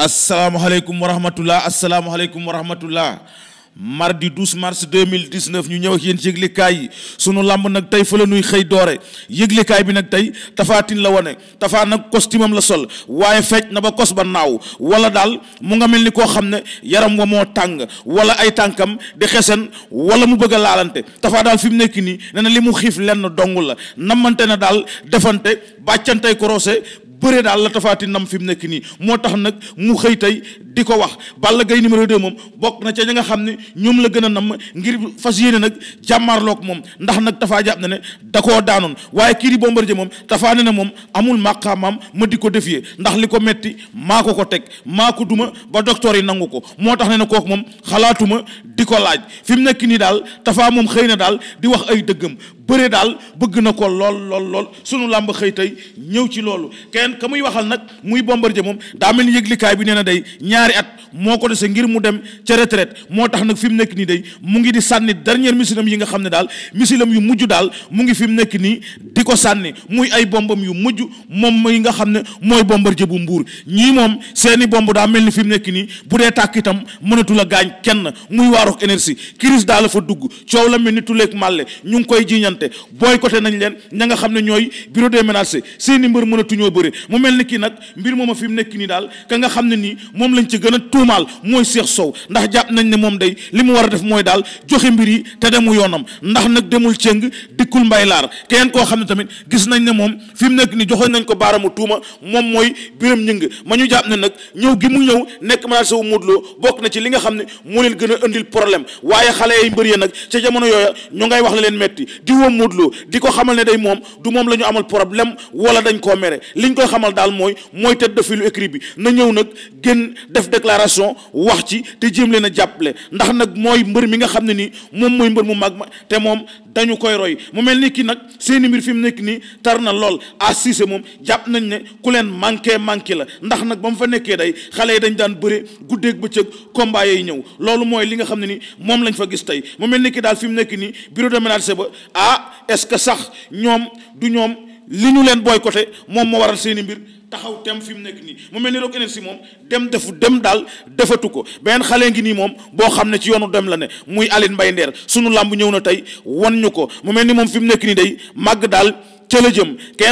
asalaamaaleykum wa rahmatullah asalaamaaleykum wa rahmatullah mardi 12 mars 2019 ñu ñëw ak yéen ci yëglikaay yi sunu lamb nag tey fa la ñuy xëy doore yëglikaay bi nag tey tafaatin la wone tafaa nag costume am la sol waaye fecc na ba kos ba naaw wala daal mu nga mel ni koo xam ne yaram wa moo tàng wala ay tànkam di xesen wala mu bëgg a laalante tafaa daal fi mu nekk nii nee li mu xiif lenn dong la namante na daal defante bàccantey korosé bëre daal la Tapha Tine nam fi mu nekk nii moo tax nag mu xëy tey di ko wax Balla gay numéro 2 moom bokk na ca ña nga xam ne ñoom la gën a nam ngir fas yéene nag jàmmaarloog moom ndax nag Tapha jàpp na ne da koo daanoon waaye kii di Bombardier moom Tapha ne na moom amul màqaamaam ma di ko défier ndax li ko metti maa ko ko teg maa ko duma ba docteur yi nangu ko moo tax ne na kooku moom xalaatuma di ko laaj fi mu nekk nii daal Tapha moom xëy na daal di wax ay dëggam bëre daal bëgg na ko lool lool lool sunu làmb xëy tey ñëw ci loolu kenn ka muy waxal nag muy Bombardier moom daa mel ni yëglikaay bi nee na dey ñaari at moo ko dese ngir mu dem ca retraite moo tax nag fi mu nekk nii day mu ngi di sànni dernière missilam yi nga xam ne daal missilam yu mujj daal mu ngi fi mu nekk nii di ko sànni muy ay bombam yu mujj moom mi nga xam ne mooy bombar Bombardier bu Mbuur ñii moom seeni bomb daa mel ni fi mu nekk nii bu dee tàkk itam mënatu la gaañ kenn muy Waarok energie crise daal la fa dugg coow la mel ni tuleeg màlle ñu ngi koy jiiñante boycotté nañ leen ña nga xam ne ñooy bureau des ménages seeni mbër mënatuñoo bëre mu mel ni kii nag mbir mooma fi mu nekk nii daal ka nga xam ne nii moom lañ ci gën a tuumaal mooy Cheikh Sow ndax jàpp nañ ne moom day li mu war a def mooy daal joxe mbir yi te demu yoonam ndax nag demul cëng dikkul mbay laar keneen koo xam ne tamit gis nañ ne moom fi mu nekk ni joxoon nañ ko baaramu tuuma moom mooy biram ñëng ma ñu jàpp ne nag ñëw gi mu ñëw nekk manaat saw móodloo bokk na ci li nga xam ne moo leen gën a indil problème waaye xale yi mbër ya nag ca jamono yooya ñu ngay wax la leen metti di woo móodloo di ko xamal ne day moom la ñu amal problème wala dañ koo mere liñ koy xamal daal mooy mooy communication wax ci te jéem leen a jàppale ndax nag mooy mbër mi nga xam ne nii moom mooy mbër mu mag ma te moom dañu koy roy mu mel ni ki nag seeni mbir fi mu nekk nii tar na lool à Cissé moom jàpp nañ ne ku leen manqué manqué la ndax nag ba mu fa nekkee day xale yi dañ daan bëre guddeeg bëccëg combat yi ñëw loolu mooy li nga xam ne ni moom lañ fa gis tey mu mel ni ki daal fi mu nekk nii bureau de ménage ba ah est-ce que sax ñoom du ñoom li ñu leen boycotté moom moo waral seeni mbir taxaw tem fi mu nekk nii mu mel ni Rock Énergie moom dem defu dem daal defatu ko beneen xale ngi nii moom boo xam ne ci yoonu dem la ne muy Aline Mbaye Nder sunu làmb ñëw na tey wan ñu ko mu mel ni moom fi mu nekk nii day màgg daal ca la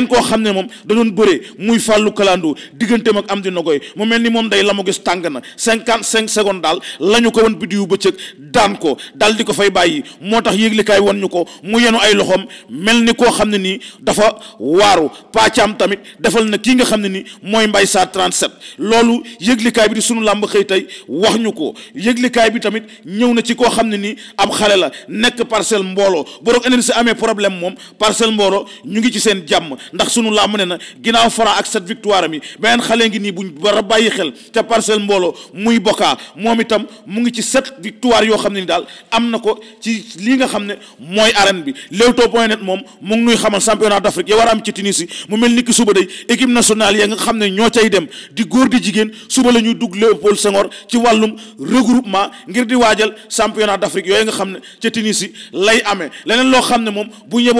koo xam ne moom da doon bëree muy fàllu kalandoo digganteem ak am di na koy mu mel ni moom day la lamu gis tàng na cinquante cinq secondes daal lañu ñu ko woon biddiwu bëccëg daan ko daal di ko fay bàyyi moo tax yéeglikaay won ñu ko mu yenu ay loxoom mel ni koo xam ne nii dafa waaru pàccaam tamit defal na kii nga xam ne nii mooy mbay saa 37 loolu yëglikaay bi di suñu làmb xëy tey wax ñu ko yëglikaay bi tamit ñëw na ci koo xam ne nii ab xale la nekk parcelle mbooloo bu doog énergie amee problème moom parcelle mbooloo ñu ngi ci seen jàmm ndax sunu làmb ne na ginnaaw fara ak cette victoire mi beneen xale ngi nii buñ bara bàyyi xel ca parcelle mbooloo muy bokkaa moom itam mu ngi ci sept victoire yoo xam ne ni daal am na ko ci lii nga xam ne mooy arène bi Leewtoo point net moom mu nuy xamal championnat d'Afrique ya a am ci Tunisie mu mel ni ki suba day équipe nationale ya nga xam ne ñoo cay dem di góor di jigéen suba la ñuy dugg Léopold Senghor ci wàllum regroupement ngir di waajal championnat d'Afrique yooyu nga xam ne ca Tunisie lay amee leneen loo xam ne moom bu ñëboo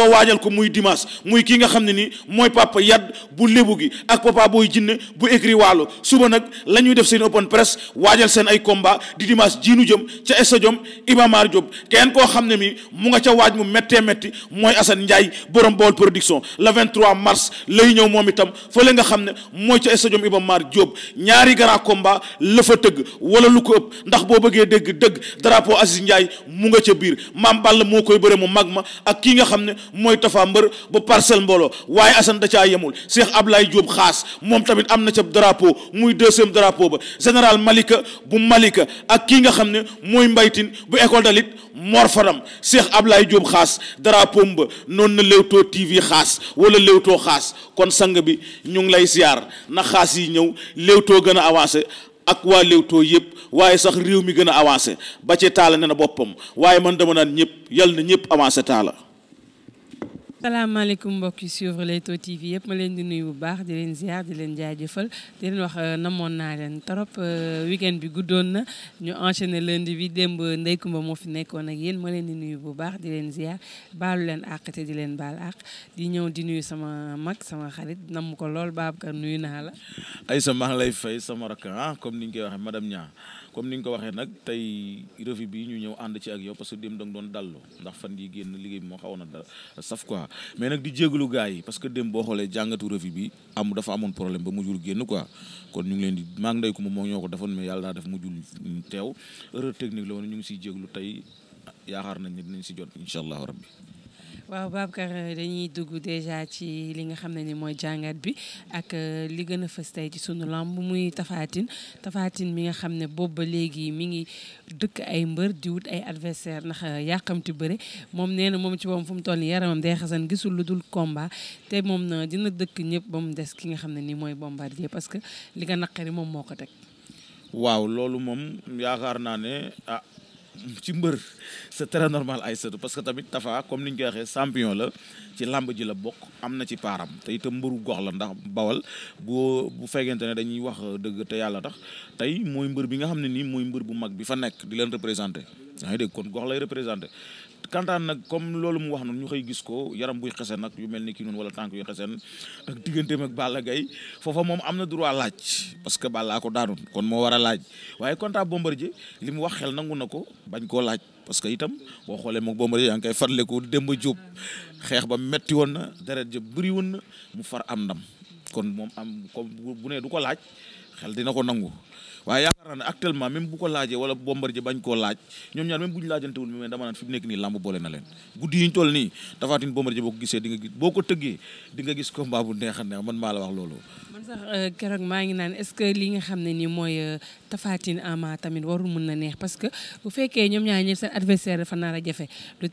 muy kii nga xam ne nii mooy papa yadd bu lébu gi ak papa booy jinne bu écrit waalo suba nag la def seen open press waajal seen ay combat di dimanche jiinu jëm ca stadium Iba Mar Diop kenn koo xam ne mi mu nga ca waaj mu méttee métti mooy Assane Ndiaye borom Baol production le 23 mars lay ñëw moom itam fële nga xam ne mooy ca stadium Iba Mar Diop ñaari grand combat la fa tëgg wala lu ko ëpp ndax boo bëggee dégg dëgg drapeau Aziz Ndiaye mu nga ca biir maam Ball moo ma parcelle mbooloo waaye Assane da caa yemul Cheikh Ablaye Diop xaas moom tamit am na ca drapeau muy deuxième drapeau ba général Malika bu Malika ak kii nga xam ne mooy mbaytin bu école dalit morfaram Cheikh Ablaye jóom xaas drapeau ba noonu na Leewtoo TV xaas wala Leewtoo xaas kon sang bi ñu ngi lay ziar na xaas yi ñëw Leewtoo gën a avancé ak waa Leewtoo yëpp waaye sax réew mi gën a avancé ba ci taala ne na boppam waaye man dama naan ñëpp yal na ñëpp avancé taala salaamaaleykum mbokk yi suivre Leewtoo TV yëpp ma leen di nuyu bu baax di leen ziar di leen jaajëfal di leen wax euh, namoon naa leen trop euh, weekend bi guddoon na ñu enchaîné lundi bi démb Ndeye Comba moo fi nekkoon ak yéen ma leen di nuyu bu baax di leen ziar baalu leen àq te di leen baal àq di ñëw di nuyu sama mag sama xarit nam ko lool Babacar nuyu naa la. ay sa maa lay fay sama rakk ah comme ni ñu koy waxee madame ñaa comme ni nga ko waxee nag tey revue bi ñu ñëw ànd ci ak yow parce que dem da nga doon dallu ndax fan yi génn liggéey bi moo xawoon a saf quoi mais nag di jégalu gars yi parce que dem boo xoolee jàngatu revue bi am dafa amoon problème ba mujjul génn quoi kon ñu ngi leen di maa ngi ndey ko moom moo ñoo ko defoon mais yàlla daa def mujjul teew erreur technique la woon ñu ngi siy jégalu tey yaakaar nañ ne dinañ si jot incha allahu rabbi waaw Babacar euh, dañuy dugg déjà ci li nga xam ne ni mooy jàngat bi ak euh, li gën a fës tey ci sunu lamb muy tafaatin tafaatin mi nga xam ne boobu ba léegi mu ngi dëkk ay mbër di wut ay adversaire ndax euh, yàqamti bëre moom nee na moom ci moom fu mu toll nii yaramam day xasan gisul lu dul combat te moom na dina dëkk ñëpp ba mu des ki nga xam ne ni mooy bombardier parce que li nga naqari moom moo ko teg. waaw loolu moom yaakaar naa ne ah, ci mbër sa très normal ay sëtu parce que tamit Tafa comme ni ñu ko waxee champion la ci làmb ji la bokk am na ci paaram te itam mbëru gox la ndax bawal boo bu fekkente ne dañuy wax dëgg te yàlla tax tey mooy mbër bi nga xam ne nii mooy mbër bu mag bi fa nekk di leen représenté yaa ngi dégg kon gox lay représenté kantaan nag comme loolu mu wax noonu ñu xëy gis ko yaram buy xeseen nag yu mel ni kii noonu wala tànk yu xeseen ak digganteem ak Balla Gaye foofa moom am na droit laaj parce que Balla ko daanul kon moo war a laaj waaye kontaan Bombardier li mu wax xel nangu na ko bañ koo laaj parce que itam boo xoolee moom Bombardier yaa ngi koy farleku Demba Diop xeex ba metti woon na deret ja bëri woon na mu far am ndam kon moom am comme bu ne du ko laaj xel dina ko nangu waaye yaakaar naa ne actuellement même bu ko laajee wala Bombardier bañ koo laaj ñoom ñaar même bu ñu laajantewul mais dama naan fi mu nekk nii làmb boole na leen guddi yi toll nii Tapha Tine neex a neex euh, euh, a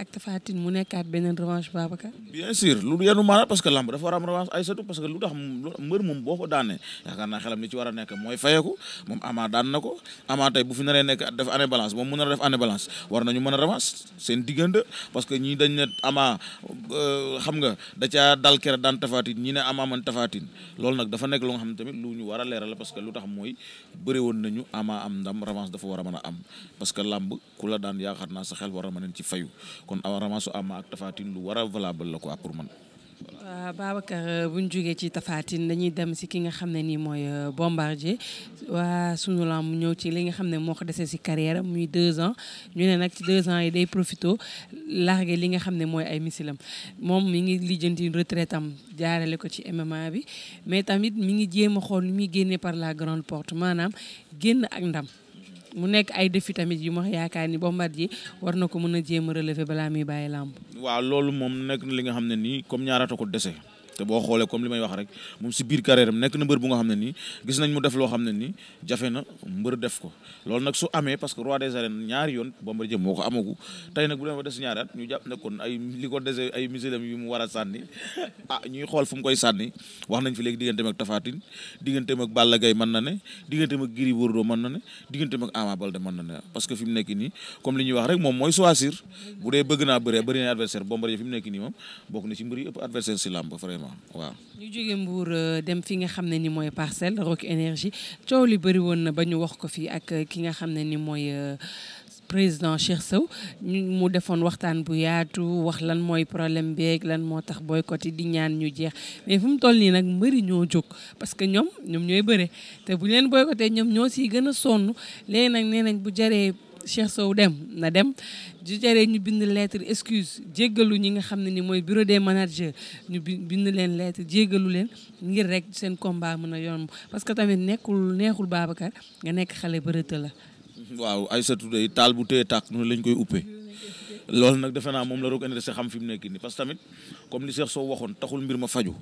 ak Tapha mu nekkaat beneen revanche Babacar bien sûr lu yenu maanaam parce que làmb dafa war revanche ay satu parce que lu tax mbër moom boo ko daanee yaakaar naa xelam ni ci war a mooy fay fayeeku moom Ama daan na ko Ama tey bu fi naree nekk def année balance moom mu nar a def année balance war nañu mën a revanche seen diggante parce que ñii dañ ne Ama euh, xam nga da caa dal kere daan tafaatin ñi ne Ama man tafaatin loolu nag dafa nekk lu nga xam ne tamit lu ñu war a leeral parce que lu tax mooy bëri woon nañu Ama am ndam revanche dafa war a mën a am parce que làmb ku la daan yaakaar naa sa xel war a mën ci fayu kon revanche su ak tafaatin lu war a valable la quoi pour man waaw euh, Babacar euh, bu ñu jógee ci Tafatine dañuy dem si ki nga xam ne nii mooy euh, Bombardier waa sunu lamb mu ñëw ci li nga xam ne moo ko desee si carrière muy deux ans ñu ne nag ci deux ans yi day profito largué li nga xam ne mooy ay misilam moom mi ngi lijjanti retraite am jaarale ko ci MMA bi mais tamit mi ngi jéem a xool mi muy génnee par la grande porte maanaam génn ak ndam. mu nekk ay défi tamit yu ma yaakaar ni ji war na ko mën a jéem a relever balaa muy bàyyi làmb. waaw loolu moom nekk li nga xam ne nii comme ñaarata ko dese. te boo xoolee comme li may wax rek moom si biir carrière am nekk na mbër bu nga xam ne nii gis nañ mu def loo xam ne nii jafe na def ko loolu nag su amee parce que roi des arènes ñaari yoon Bombardier moo ko amagu tey nag bu demee ko dese yu mu war a sànni ah ñuy xool fu mu koy sànni wax nañ fi léegi digganteem ak Tapha Tine digganteem ak Balla Gaye mën na ne digganteem ak Gris Bordeaux na ne digganteem ak Ama Baldé na ne parce que fi mu nii comme li ñuy wax rek moom mooy choisir bu exactement waaw. ñu jóge Mbour euh, dem fi nga xam ne ni mooy parcelle Rock Énergie coow li bëri woon na ba ñu wax ko fii ak euh, ki nga xam ne ni mooy. Euh, président Cheikh Sow mu defoon waxtaan bu yaatu wax lan mooy problème beeg lan moo tax boycott yi di ñaan ñu jeex mais fu mu toll nii nag mbëri ñoo jóg parce ñoom ñoom ñooy te bu leen boycotté ñoom ñoo siy gën a sonn nee nañ bu jaree Cheikh Sow dem na dem du ñu bind leetre excuse jéggalu ñi nga xam ne ni mooy bureau des managers ñu bind leen lettre jéggalu leen ngir rek seen combat mën a yoon parce que tamit nekkul neexul Babacar nga nekk xale bërëtë la waaw Aïssatou day taal bu téye tàkk noonu lañ koy uppee lool nag defe naa moom la roog intéressé xam fi mu nekk nii parce tamit comme li Cheikh Sow waxoon taxul mbir ma faju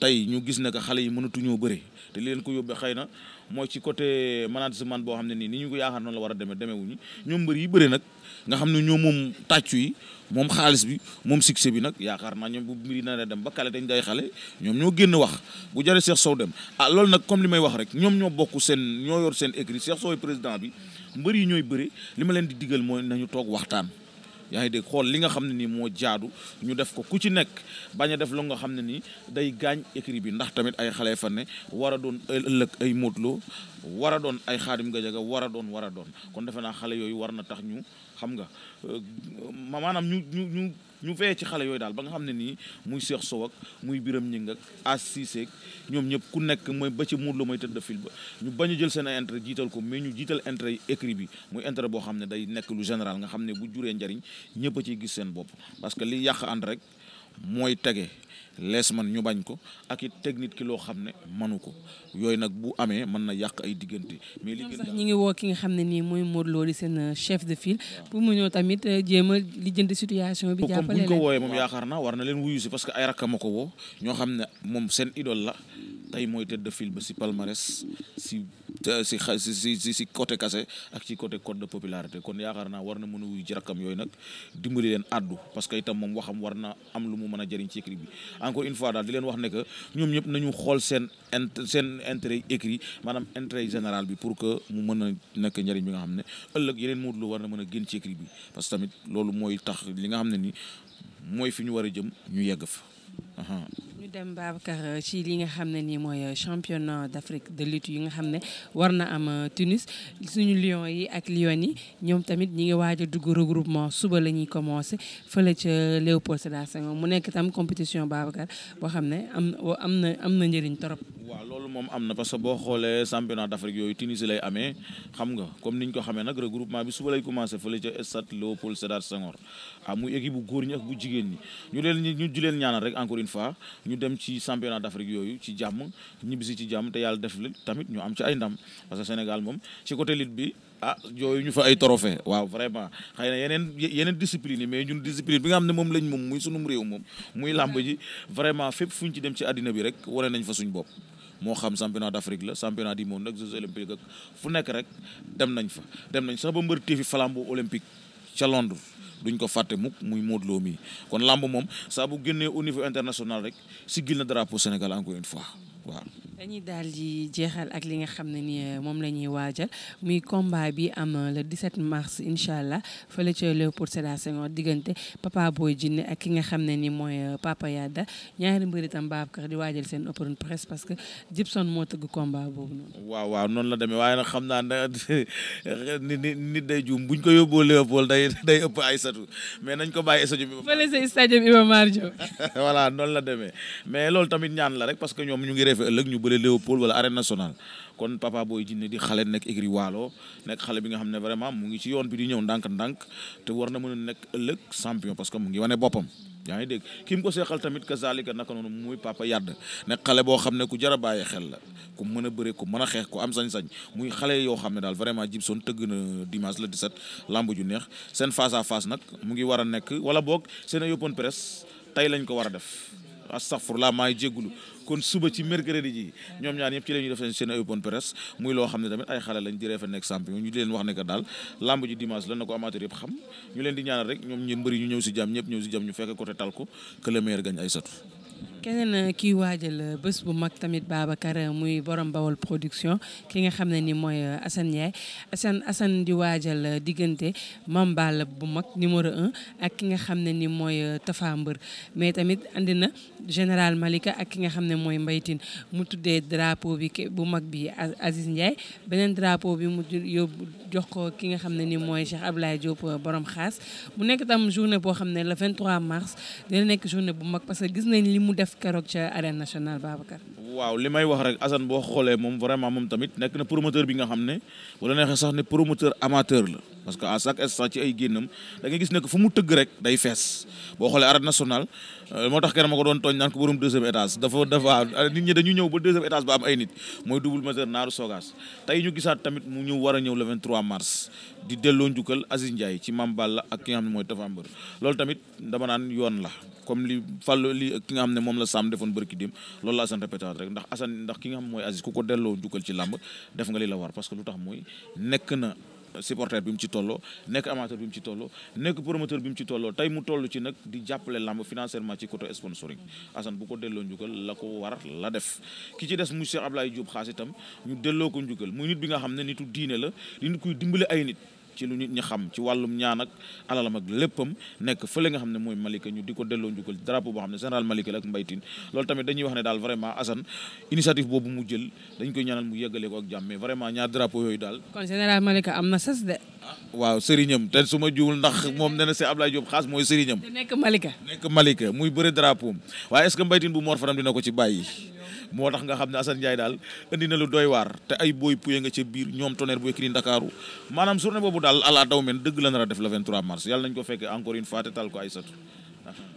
tey ñu gis ne que xale yi mënatuñoo bëri te li leen ko yóbbee xëy na mooy ci côté man boo xam ne nii ni ñu ko yaakaar noonu la war a demee demeewuñu ñoom mbër yi bëri nag nga xam ne ñoo moom tàccu yi moom xaalis bi moom succès bi nag yaakaar naa ñoom bu mbiri na dem ba kale dañ day xale ñoom ñoo génn wax bu jëree Cheikh Sow dem ah loolu nag comme li may wax rek ñoom ñoo bokk seen ñoo yor seen écrit Cheikh Sow président bi mbër yi ñooy bëri li ma leen di digal mooy nañu toog waxtaan yaa ngi dégg xool li nga xam ne nii moo jaadu ñu def ko ku ci nekk bañ a def lu nga xam ne nii day gaañ écrit bi ndax tamit ay xale fa ne war a doon ëllëg ay motlo war a doon ay xaadim gajaga war a doon war a doon kon defe naa xale yooyu war na tax ñu xam nga euh, maanaam ñu ñu ñu ñu veye ci xale yooyu daal ba nga xam ne nii muy Cheikh Sow muy Biram Ñing ak As Cissé ñoom ñëpp ku nekk mooy ba ci muur la mooy tëdd fil ba ñu bañ a jël seen ay jiital ko mais ñu jiital intérêt écrit bi muy intérêt boo xam ne day nekk lu général nga xam ne bu juree njariñ ñëpp ciy gis seen bopp parce que yàq ànd rek mooy tege lees man ñu bañ ko ak it technique ki loo xam ne manu ko yooyu nag bu amee mën na yàq ay diggante. mais li gën ñi ngi woo ki nga xam ne nii mooy Modou Lo seen euh, chef de file pour mu ñëw tamit euh, jéem a lijjanti situation bi. jàppale leen ko wooyee moom yaakaar naa war na leen wuyu si parce que ay rakka ma ko woo ñoo xam ne moom seen idole la tey mooy tête de file ba si palmarès si. si si si si côté kase ak ci côté code de popularité kon yaakaar naa war na mën a wuy ci rakkam yooyu nag dimbali leen addu parce que itam moom waxam war na am lu mu mën a jëriñ ci écrit bi encore une fois daal leen wax ne que ñoom ñëpp nañu xool seen int seen intérêt écrit maanaam intérêt général bi pour que mu mën a nekk njëriñ bi nga xam ne ëllëg yeneen Modou Lo war na mën a génn ci écrit bi parce que tamit loolu mooy tax li nga xam ne ni mooy fi ñu war a jëm ñu yegg fa ñu dem Babacar ci li nga xam ne nii mooy championnat d'Afrique de lutte yi nga xam ne war na am euh, Tunis suñu lion yi ak lion yi ñoom tamit ñi ngi waaja dugg regroupement suba la ñuy commencé fële ca Léopold Sédar Senghor mu nekk tam compétition Babacar boo xam ne am am na am na loolu moom am na parce que boo xoolee championnat d'Afrique yooyu Tunisie lay amee xam nga comme niñ ko xamee nag regroupement bi suba lay commencé fële ca stade Léopold Sédar Senghor ah muy équipe bu góor ñi ak bu jigéen ñi ñu leen ñu di leen ñaanal rek encore une fois ñu dem ci championnat d'Afrique yooyu ci jàmm ñibbisi ci jàmm te yàlla def li tamit ñu am ci ay ndam parce que Sénégal moom ci côté lutte bi ah yooyu ñu fa ay trophée waaw vraiment xëy na yeneen yeneen discipline yi mais ñun discipline bi nga xam ne moom lañ moom muy sunum réew moom muy làmb ji vraiment fépp fu ñu ci dem ci àddina bi rek wane nañ fa suñ bopp moo xam championnat d'Afrique la championnat du monde ak jeux olympiques ak fu nekk rek dem nañ fa dem nañ sax ba mbër téefi flambeau olympique ca Londres duñ ko fàtte mukk muy Modou Lo mii kon lamb moom saa bu génnee au niveau international rek siggil na drapeau Sénégal encore une fois waaw. dañuy daal di jeexal ak li nga xam ne ni euh, moom la ñuy waajal muy combat bi am euh, le 17 mars incha allah fële ca Léopold Sédar Senghor diggante Papa Boy Djiné ak ki nga xam ne ni mooy euh, Papa Yada ñaari mbir itam Babacar di waajal seen open presse parce que Gibson moo tëgg combat boobu noonu. waaw waaw la demee waaye nag xam naa ne nit nit day juum buñ ko yóbboo Léopold day day ëpp ay satu mais nañ ko bàyyi stade Iba Mar Diop. voilà la demee mais loolu tamit ñaan la rek parce que ñoom ñu ngi jafe ëllëg ñu bëre Léopold wala arène nationale kon Papa Boy Djiné di xale nekk écurie Waalo nekk xale bi nga xam ne vraiment mu ngi ci yoon bi di ñëw ndànk-ndànk te war na mën a nekk ëllëg champion parce que mu ngi wane boppam yaa ngi dégg ki mu ko tamit kazalika naka noonu muy papa yàdd nekk xale boo xam ne ku jar a bàyyi xel la ku mën a bëre a xeex ku am sañ-sañ muy xale yoo xam ne daal vraiment Jibson tëgg na dimanche le 17 lamb ju neex seen face à face nag mu ngi war nekk wala boog seen open press tey lañ ko war a def astafurlah maay jéggulu kon suba ci mercredi ji ñoom ñaar ñëpp ci la ñuy def seen ay open press muy loo xam ne tamit ay xale lañ di reefa nekk champion ñu di leen wax ne que daal lamb ji dimanche la na ko amateur yëpp xam ñu leen di ñaanal rek ñoom ñu mbëri ñu ñëw si jàmm ñëpp ñëw si jàmm ñu fekk côté tal ko que le ay satu keneen euh, kiy waajal euh, bés bu mag tamit Babacar euh, muy borom bawol production ki nga xam ne ni mooy Assane Ndiaye Assane di waajal diggante Mambal bu mag numéro un ak ki nga xam ne ni mooy Tafa Mbër mais tamit andi na général Malika ak ki nga xam ne mooy mbaytin mu tuddee drapeau bi bu mag bi Aziz Ndiaye beneen drapeau bi mu yóbbu jox ko ki nga xam ne ni mooy ab Abdoulaye Diop borom xaas mu nekk tam journée boo xam ne le 23 mars dina nekk journée keroog ca arène nationale Babacar. waaw li may wax rek Assane boo xoolee moom vraiment moom tamit nekk na promoteur bi nga xam ne wala neexee sax ne promoteur amateur la. parce que à chaque instant ci ay génnam da ngay gis ne fu mu tëgg rek day fees boo xoolee arène nationale euh, moo tax kenn ma ko doon tooñ naan ko borom deuxième étage dafa dafa ñëw ba deuxième étage ba am ay nit mooy double majeur naaru sogaas tey ñu gisaat tamit mu ñu war a ñëw le 23 mars di delloo njukkal Aziz Ndiaye ci Mame Balla ak ki nga xam ne mooy Tapha loolu tamit dama naan yoon la comme li fàllu li ki xam ne moom la Sam defoon bërki dim loolu la Assane répété rek ndax Assane ndax ki nga xam mooy Aziz ku ko delloo njukkal ci làmb def nga li la war parce supporter bi mu ci tolloo nekk amateur bi mu ci tolloo nekk promoteur bi mu ci tolloo tey mu tollu ci nag di jàppale làmb financièrement ci côté sponsoring Assane bu ko delloo njugal la ko war la def ki ci des mu Cheikh Ablaye Diop xaas itam ñu delloo ko njugal muy nit bi nga xam ne nitu diine la di nit kuy dimbale ay nit ci lu nit ñi xam ci wàllum ñaan ak alalam ak léppam nekk fële nga xam ne mooy Malika ñu di ko delloo njukkal drapeau boo xam ne général Malika la ak mbaytin loolu tamit dañuy wax ne daal vraiment Assane initiative boobu mu jël dañ koy ñaanal mu yeggalee ko ak jàmm mais vraiment ñaar drapeau yooyu daal. kon général Malika am na sas de. waaw sëriñam te su ma juul ndax moom nee na ab Ablaye Diop xaas mooy sëriñam. nekk Malika nekk Malika muy bëre drapeau waaye est-ce que mbaytin bu Mor Fadam dina ko ci bàyyi. moo tax nga xam ne Assane Ndiaye daal indi na lu doy waar te ay booy puye nga ca biir ñoom tonnerre bu écrit Ndakaaru maanaam journée boobu daal ala daw dëgg la nar a def le 23 mars yàlla nañ ko fekkee encore une fois te tal ko ay satu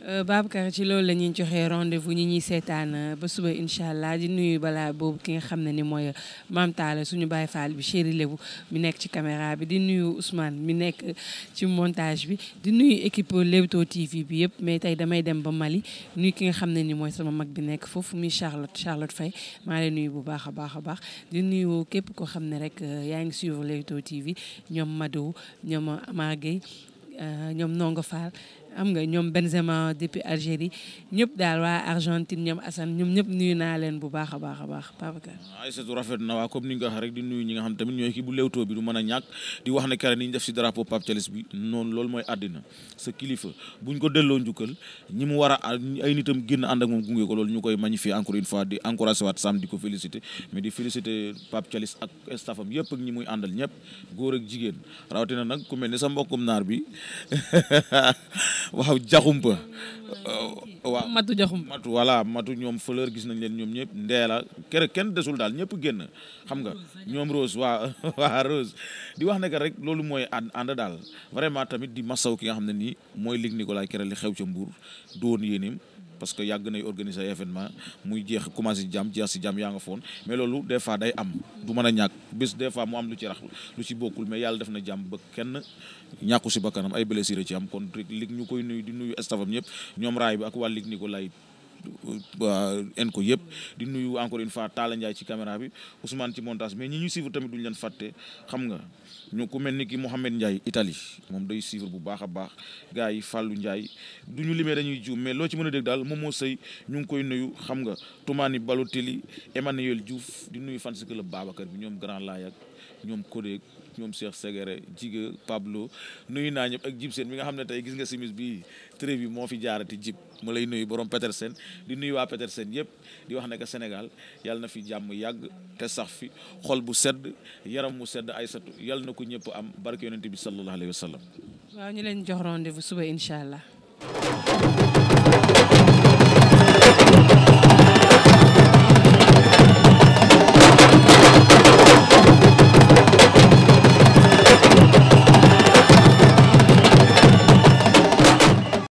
Euh, Babacar ci loolu la ñuy joxe rendez-vous ñi ñuy seetaan euh, ba suba incha allah di nuyu balaa boobu ki nga xam ne ni mooy euh, Mame Talla suñu baay Fall bi Chéri Lébu mu nekk ci caméra bi di nuyu Ousmane mi nekk ci montage bi di nuyu équipe Leewtoo TV bi yëpp mais tey damay dem ba Mali nuyu ki nga xam ne ni mooy sama mag bi nekk foofu muy Charlotte Charlotte Faye maa lay nuyu bu baax a baax a baax di nuyu képp koo xam ne rek yaa ngi suivre Leewtoo TV ñoom Mado ñoom Amar Gueye ñoom Nongo xam nga ñoom Benzema depuis Algérie ñëpp daal waa Argentine ñoom Assane ñoom ñëpp nuyu naa leen bu baax a baax a baax Babacar Aïssatou rafet na waa comme ni nga waxee rek di nuyu ñi nga xam tamit ñooy kii bu Leewtoo bi du mën a ñàkk di wax ne kare ni ñu def si drapeau Pape Thialis bi noonu loolu mooy àddina sa kilifa buñ ko delloo njukkal ñi mu war a ay nitam génn àndak moom gunge ko loolu ñu koy magnifier encore une fois di encouragé waat Sam di ko féliciter mais di féliciter Pape Thialis ak staffam yëpp ak ñi muy àndal ñëpp góor ak jigéen rawatina nag ku mel ni sa mbokkum naar bi waaw jaxumpa waaw matu jaxum matu voilà matu ñoom fleur gis nañ leen ñoom ñëpp ndeela kere kenn desul daal ñëpp génn xam nga ñoom rose waa rose di wax ne que rek loolu mooy ànd ànd daal vraiment tamit di masaw ki nga xam ne nii mooy lig Nicolas kere li xew ca Mbour doon yéenim parce que yàgg nay organiser événement muy jeex commencé jàmm jeex si jàmm yaa nga foon mais loolu des fois day am du mën a ñàkk bés des fois mu am lu ci rax lu ci bokkul mais yàlla def na jàmm ba kenn ñàkku si bakkanam ay blessure ci am kon rek lig ñu koy nuyu di nuyu stafam ñëpp ñoom raay bi ak waa lig ni ko lay waa ENCO yëpp di nuyu encore une fois Talla Ndiaye ci caméra bi Ousmane ci montage mais ñi ñu suivre tamit duñ leen fàtte xam nga ñu ku mel ni ki Mouhamed Ndiaye Italie moom day suivre bu baax a baax gars yi Fallou Ndiaye du ñu limee dañuy juum mais loo ci mën a dégg daal moom moo sëy ñu ngi koy nuyu xam nga Toumani Balotelli Emmanuel Diouf di nuyu fan si club Babacar bi ñoom Grand Laye ak ñoom Codé ñoom Cheikh Ségéré Jiga Pablo nuyu naa ñëpp ak jib seen mi nga xam ne tey gis nga simis bi tré bi moo fi jaarati jib ma lay nuyu borom Petersen di nuyu waa Petersen yëpp di wax ne que Sénégal yal na fi jàmm yàgg te sax fi xol bu sedd yaram mu sedd ay satu yàlla na ko ñëpp am barke yonent bi sallallahu alayhi wa sallam waaw ñu leen jox rendez-vous suba incha allah